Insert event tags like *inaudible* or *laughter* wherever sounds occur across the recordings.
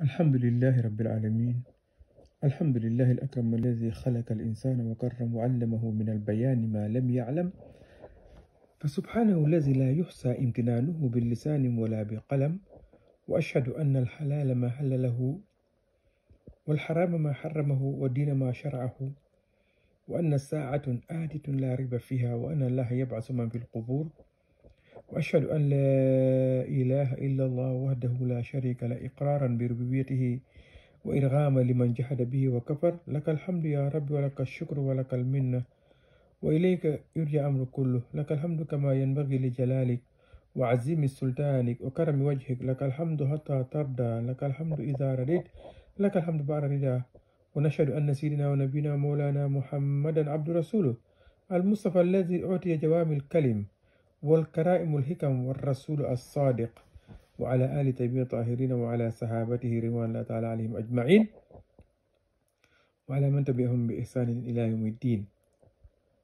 الحمد لله رب العالمين الحمد لله الأكرم الذي خلق الإنسان وكرم وعلمه من البيان ما لم يعلم فسبحانه الذي لا يحصى امتنانه باللسان ولا بقلم وأشهد أن الحلال ما حلله والحرام ما حرمه والدين ما شرعه وأن الساعة آتة لا ريب فيها وأن الله يبعث من في القبور وأشهد أن لا إله إلا الله وحده لا شريك له إقرارا بربوبيته وإرغاما لمن جحد به وكفر لك الحمد يا رب ولك الشكر ولك المنة وإليك يرجع أمر كله لك الحمد كما ينبغي لجلالك وعزيم سلطانك وكرم وجهك لك الحمد حتى ترضى لك الحمد إذا رديت لك الحمد بعد رضا ونشهد أن سيدنا ونبينا مولانا محمدا عبد رسوله المصطفى الذي أعطي جوامع الكلم والكرائم الحكم والرسول الصادق وعلى آل طيبين الطاهرين وعلى صحابته رضوان الله تعالى عليهم أجمعين وعلى من تبعهم بإحسان إلى يوم الدين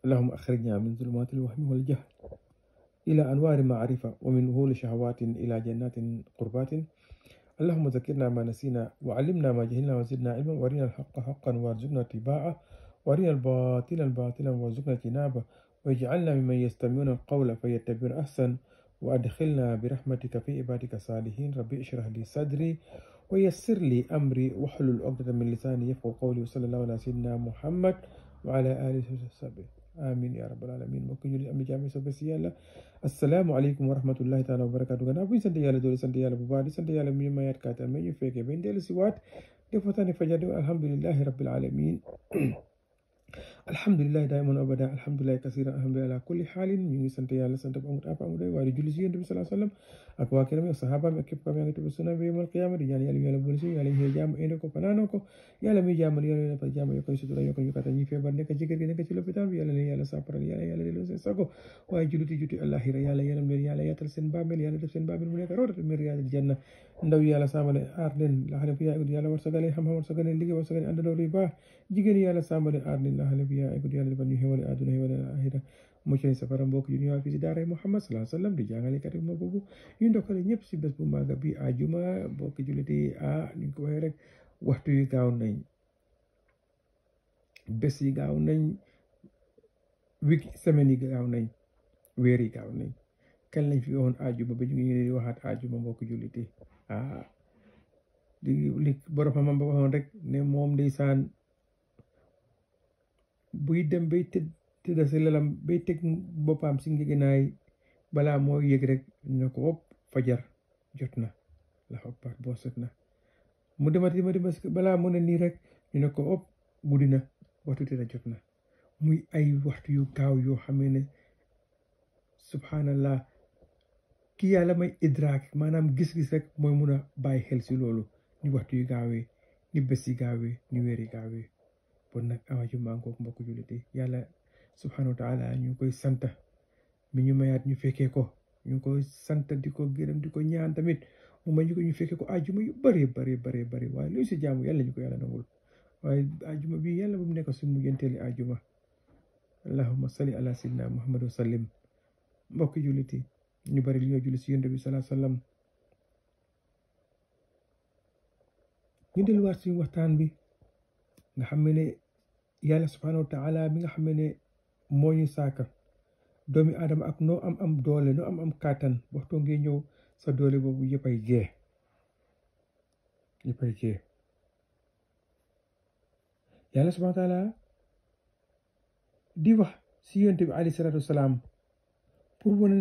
اللهم أخرجنا من ظلمات الوهم والجهل إلى أنوار معرفة ومن هول شهوات إلى جنات قربات اللهم ذكرنا ما نسينا وعلمنا ما جهلنا وزدنا علما وارنا الحق حقا وارزقنا اتباعه وارنا الباطل باطلا وارزقنا اجتنابه واجعلنا ممن يستمعون القول فيتبعون أحسن وأدخلنا برحمتك في عبادك الصالحين ربي اشرح لي صدري ويسر لي أمري واحلل عقدة من لساني يفقه قولي وصلى الله على سيدنا محمد وعلى آله وصحبه آمين يا رب العالمين ممكن يجعل أمي جامعي سوف سيالة السلام عليكم ورحمة الله تعالى وبركاته أنا أبو سنتي يالا دولي سنتي يالا بباري سنتي يالا مين ما يتكاتا يفيك بين ديال سوات دفتاني فجدو الحمد لله رب العالمين Alhamdulillah daa iman abada alhamdulillah kasira alhamdulillah ala kulli xaalin ñu ngi sant yàlla sant bu amut àpp amut doy waaye di julli si yonent bi salaa sallam ak waa këram ak saxaabaam ak képp kam yaa ngi tudd sunna bi yomal qiyaama di ñaan yàlla yàlla boole si yàlla ñu jàmm indi ko fanaanoo ko yàlla muy jàmmal yàlla yàlla fay jàmm yokkal sutura kata ñi ci gi ci bi yàlla leen yàlla saaparal yàlla yàlla delloo seen sago waaye julliti juti àllaaxira yàlla yaram leen yàlla yaatal seen bàmmeel yàlla def seen bàmmeel mu nekk rootatu mir yàlla janna ndaw yàlla saamale aar leen la xale bu yaa yàlla war sagale xam-xam war sagale liggéey war sagale àndandoo lu baax jigéen la xale bu biha e ko ɗi allah banni hewale aduna hewale ahira safara mboko joni hafisi dara e mouhammad salah sallam de jangale kadi ma bobo yimɗo kadi ñëpp si besbu a juma mbokki jullete a ɗin ko wayi rek waxtuyi gaw nañ bés yi gaaw nañ week semaine yi gaaw nañ weer yi gaaw nañ kan lañ fi waxoon ajuma ba ñu ngi leen di waxaat ajuma mbokk jullite waxoon rek ne moom ndeysaan buy dem bay tëdd tëdd si lalam bay teg boppam si ngiginaay balaa moo yëg rek ne ko ëpp fajar jot na la akbar boo sot na mu demat dima dema balaa mu ne nii rek ñu ne ko ëpp guddi na waxtu tëdd jot na muy ay waxtu yu gaaw yoo xamee ne subhanallah kii yàlla may idraak maanaam gis-gis rek mooy mun a bàyyi xel si loolu ni waxtu yu gaawee ni bés yi gaawee ni weer yi gaawee kon nag ah, aajuma ngoog mbokku jullit yi yàlla subhanahu wa taala ñu koy sant mi ñu mayaat ñu fekkee ko ñu koy santa di ko gërëm di ko ñaan tamit mu ma ñu ko ñu ko aajuma yu bari bari bari bari waaye lu si jaamu yàlla ñu ko yàlla nangul waaye aajuma bi yàlla bu mu nekk suñu mujjanteeli aajuma allahumma salli ala sayyidina muhammad wa sallim mbokku jullit yi ñu bari li ñoo julli si yonent bi salaa sallam ñu delluwaat suñu waxtaan bi nga xam ne yàlla subhanahu wa nga xam ne moo ñu saaka doomi aadama ak noo am am doole noo am am kàttan waxtu ngi ñëw sa doole boobu yëpp ay jeex jeex yàlla subhanahu wa taala di wax si yonent bi alayhi salaatu wasalaam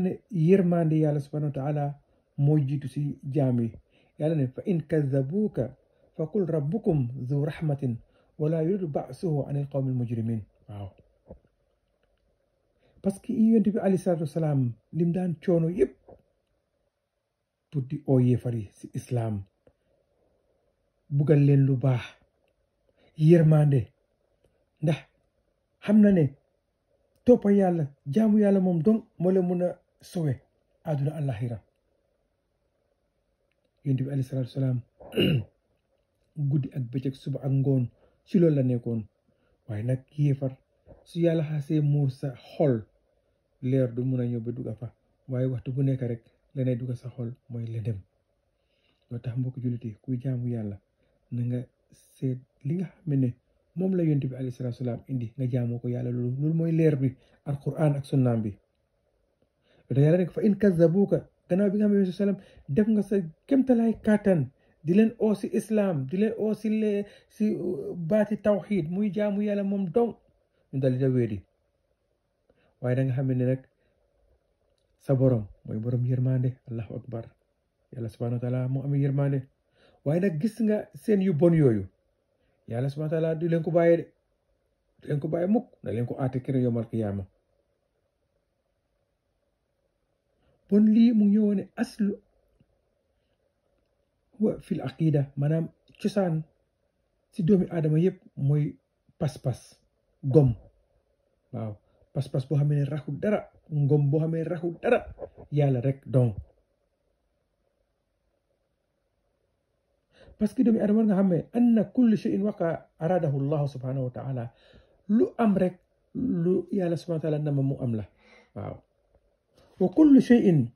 ne yërmande yàlla subhanahu wa taala moo jiitu si jaam yi yàlla ne fa in kazabuuka fa qul rabbukum zu rahmatin wala yuridu ba'suhu an il qawmi mujrimin waaw parce que yonent bi aleyhi daan coono yëpp pour oo yéefar islaam bugal leen lu baax yërmande ndax xam na ne toppa yàlla jaamu yàlla moom donc moo la a sowe àdduna àllaxira yonent bi aleyhi salaatu wasalaam *clears throat* guddi ak bëccëg suba ak ngoon ci loolu la nekkoon waaye nag yéefar su yàlla xasee muur sa xol leer du mun a ñëw ba dugg fa waaye waxtu bu nekk rek lenay dugg sa xol mooy dem loo tax mbokk jullit ku kuy jaamu yàlla na nga seet li nga xam ne moom la yonent bi alayhi salaatu salaam indi nga jaamoo ko yàlla loolu loolu mooy leer bi alquran ak sunnaam bi loolu nga xam ne sallam def nga sa kéemtalaay kàttan di leen oo si islaam di leen si baat si uh, baati tawxiid muy jaamu yàlla moom dong ñu dal da wéedi waaye da nga xam ne nag sa borom mooy borom yërmande allahu akbar yàlla subhanahu wa taala moo amee yërmande waaye nag gis nga seen yu bon yooyu yàlla subhanahu wa taala du ko bàyyee de du leen ko bàyyee mukk da leen ko aate bon lii mu ñëwoon aslu fil aqida mana cosaan si doomi aadama yëpp mooy pas-pas gom waaw pas-pas boo xam ne raxul dara ngom boo xam ne dara yàlla rek donc parce que doomi aadama nga xam anna kulli shay'in waqa aradahu llahu subhanahu wa taala lu am rek lu yàlla subhanahu wa taala nama mu am la waaw wa kullu shay'in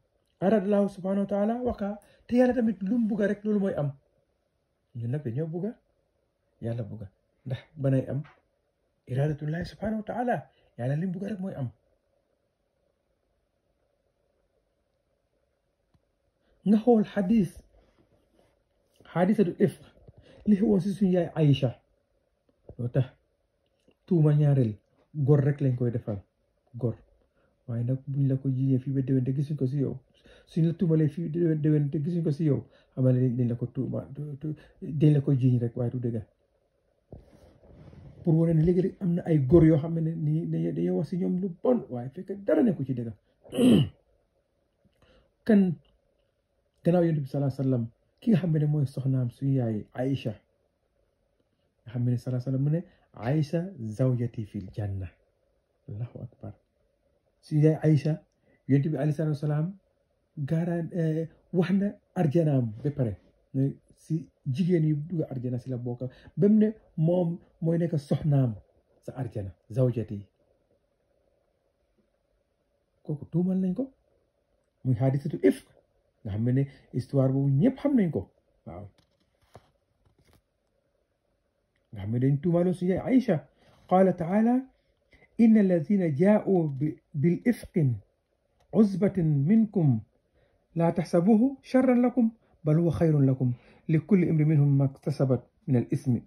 subhanahu wa taala waqa te yàlla tamit lu mu bugga rek loolu mooy am ñun nag dañoo bugga yàlla bugga ndax banay am iradatullahi subhanahu wa taala yàlla li mu bugga rek mooy am nga xool xadis xadisatu ifk li xewoon si suñu yaay Aïcha loo tax tuuma ñaareel gor rek lañ koy defal gor waaye nag buñ la ko jiñee fii ba déwén te gisuñ ko si yow suñ la tuumalee fii déwén te gisuñ ko si yow xamal ne la ko tuuma dañ la ko jiñ rek waaye du dëgg pour wane ne léegi rek am na ay góor yoo xam ne nii dañoo wax si ñoom lu bon waaye fekk dara nekku ci dëgg *clears throat* kan gannaaw yonent bi salaa ki nga xam ne mooy soxnaam suñu yaay Aïcha nga xam ne salaa sallam mu ne Aïcha zawjati fil janna allahu akbar si yaay Aïcha yonent salaam gaaraan eh, na arjanaam ba si jigéen yi si la bokk ba mu ne mooy nekk soxnaam sa arjana zawjati yi kooku tuumal nañ ko muy xaadisatu nga xam ne histoire boobu ñëpp xam nañ ko waaw nga xam ne dañ tuumaloon si yaay Aïcha qaala taala إن الذين جاءوا بالإفق عزبة منكم لا تحسبوه شرا لكم بل هو خير لكم لكل امرئ منهم ما اكتسبت من الإثم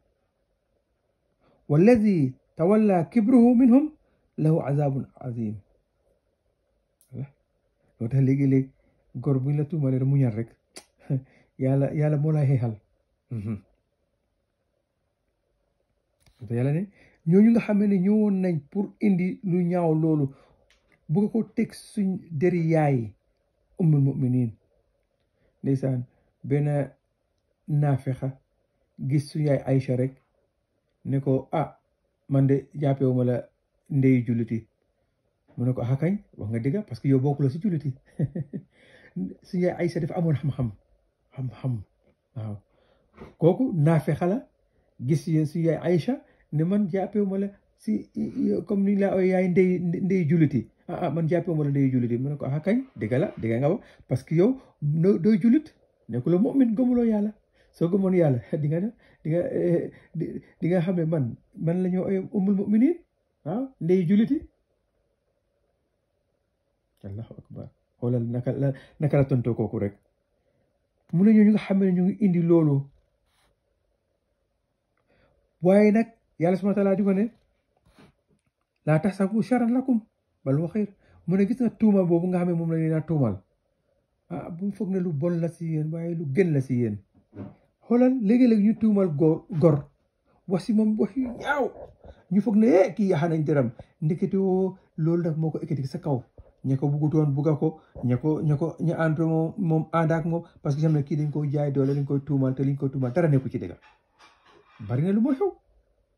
والذي تولى كبره منهم له عذاب عظيم loo tax léegi-léeg la tuumalee rek ñooñu nga xam ne ñëwoon nañ pour indi lu ñaaw loolu bëgg ko teg suñ deri yaay ummul muminin ndeysaan benn naafexa gis su yaay Aïcha rek ne ko ah man de jàppewuma la ndey julliti mu ne ko a kañ wax nga dëgg parce que yow bokku la si julliti *laughs* su yaay Aïcha dafa amoon xam-xam xam-xam waaw kooku naafexa gis yéen yaay Aïcha ne man jàppewu ma la si comme ni la yaay ndey ndey julliti ah ah man jàppewu ma la ndey julliti mu ne ko ah kañ dëgg la dëgg nga wax parce que yow doo jullit nekkuloo mu'min gëmuloo yàlla soo gëmoon yàlla *laughs* di nga di nga eh, di nga xam ne man man la ñu ooyee umul muminin ah ndey julliti allahu akbar xoolal naka la naka la tontoo kooku rek mu ne ñu nga xam ñu ngi indi loolu waaye nag yàlla subhaanahu laa taala di ko ne laa tahsabu sharran lakum bal huwa xayr mu ne gis nga tuuma boobu nga xam ne moom la leen a tuumal ah, bu foog ne lu bon la si yéen waaye lu gën la si yéen xoolal léegi-léeg ñu tuumal góor góor wax si moom wax yu ñu foog ne eh kii yaxaa nañ dëram ndeketewoo loolu nag moo ko ekkati sa kaw ña ko buggutoon bugga ko ña ko ña ko ña ànd moom moom ak moom parce que xam ne kii dañ ko jaay doole dañ koy tuumal te liñ koy tuumal dara nekku ci dëgg bari lu moo xew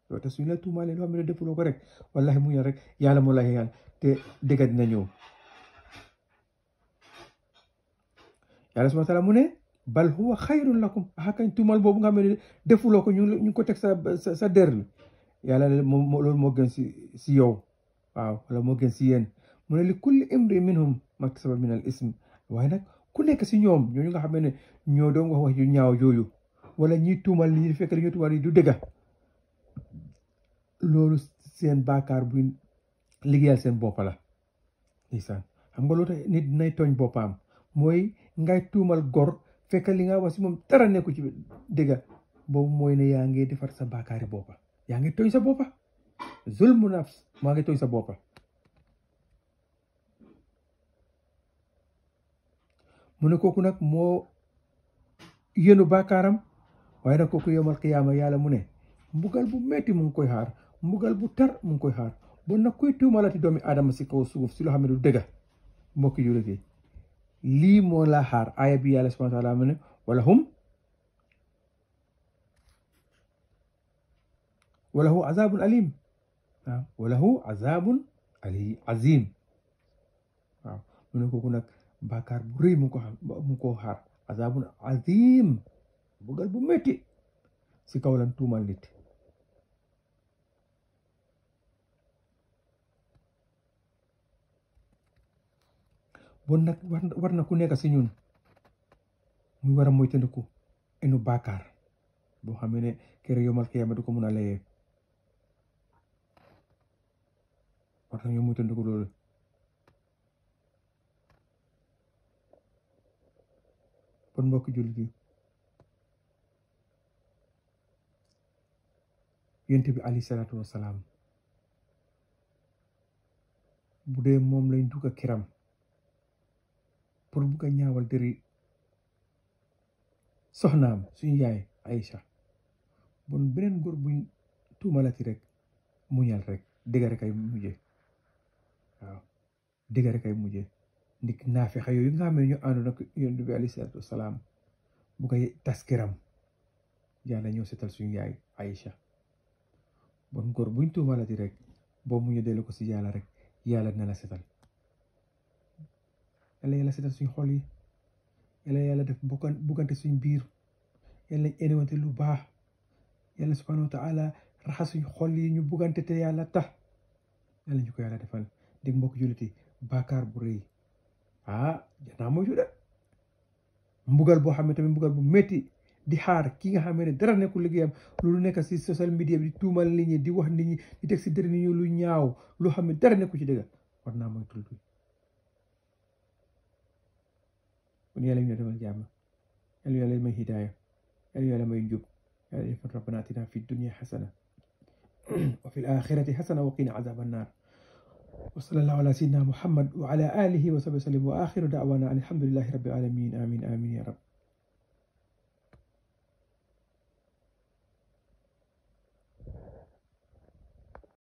loolu te suñ la tuumaalee loo xam ne defuloo ko rek wallahi mu rek yàlla moo la xeexal te dëgg dina ñëw yàlla mu ne bal huwa xayrun lakum xakañ tuumal boobu nga xam ne defuloo ko ñu ko teg sa sa der bi yàlla loolu moo gën si si yow waaw wala moo gën si yéen mu ne li kulli imri minhum maktasaba min al ism waaye nag ku nekk si ñoom ñoo ñu nga xam ne ñoo doon wax wax yu ñaaw jooju wala ñi tuumal li fekk li ñu tuumal yi du dëgg loolu seen baakaar bu liggéeyal seen boppa la isaan xam nga loo tax nit dinay tooñ boppam mooy ngay tuumal gor fekk li nga wax si moom dara nekku ci dégga boobu mooy ne yaa ngi defar sa baakaari boppa yaa ngi tooñ sa boppa zulmu nafs maa ngi tooñ sa boppa mu ne kooku nag moo yenu baakaaram waaye nag kooku yomal qiyaama yàlla mu ne mbugal bu metti mu ngoy xaar mbugal bu tar mu ngoy xaar bo nakoy kuy tuumalati doomi aadama si kaw suuf ci lo xam ne du dëgg mbokki yu rege li mo la xaar aaya bi yàlla subhanahu wa taala mu wala hum wala hu azabun alim wala hu azabun ali azim waaw mu ne kooku nag bàkkaar bu rëy mu ko xam mu ko xaar azabun azim bugal bu metti si kaw lan tuumal nit bon warna war na ku nekk si ñun muy war a enu bakar, boo xamee ne kër yomal kiyama du ko mun a layee war nañoo moytandiku loolu kon mbokk jullit yi bi alayhi salaatu wasalaam bu dee lañ kiram pour bu ko ñaawal dëri soxnaam suñu yaay Aïcha bon beneen góor buñ tuumalati rek muñal rek dëgg rek ay mujje waaw dëgg rek ay mujje ndik naafexa yooyu nga xam anu ne ñu àndoon ak yonent bi alayhi salaatu wasalaam bu koy taskiram yàlla ñëw setal suñu yaay Aïcha bon góor buñ tuumalati rek boo muñu dellu ko si yàlla rek yàlla na la setal Yalla yàlla seetal suñ xol yi yàlla bukan def bokkan buggante suñ biir yàlla enewante lu baax yàlla subhanahu wa taala raxas suñ xol yi ñu buggante te yàlla tax yàlla ñu ko yàlla defal dig mbokk jullit yi bu rëy ah janaa moytu de mbugal boo xam ne tamit mbugal bu métti di xaar ki nga xam dara nekkul liggéeyam loolu nekk social media bi di tuumal nit ñi di wax nit ñi di teg si dër nit ñi lu ñaaw lu xam ne dara nekkul ci dëgg war kon yàlla ñu defal jàmm yàlla yàlla may hidaaya yàlla yàlla may njub yàlla defal rabbana atina fi dunya hasana wa fil akhirati hasana wa qina azab annar وصلى الله على سيدنا محمد وعلى آله وصحبه وسلم وآخر دعوانا أن الحمد لله رب العالمين آمين آمين يا رب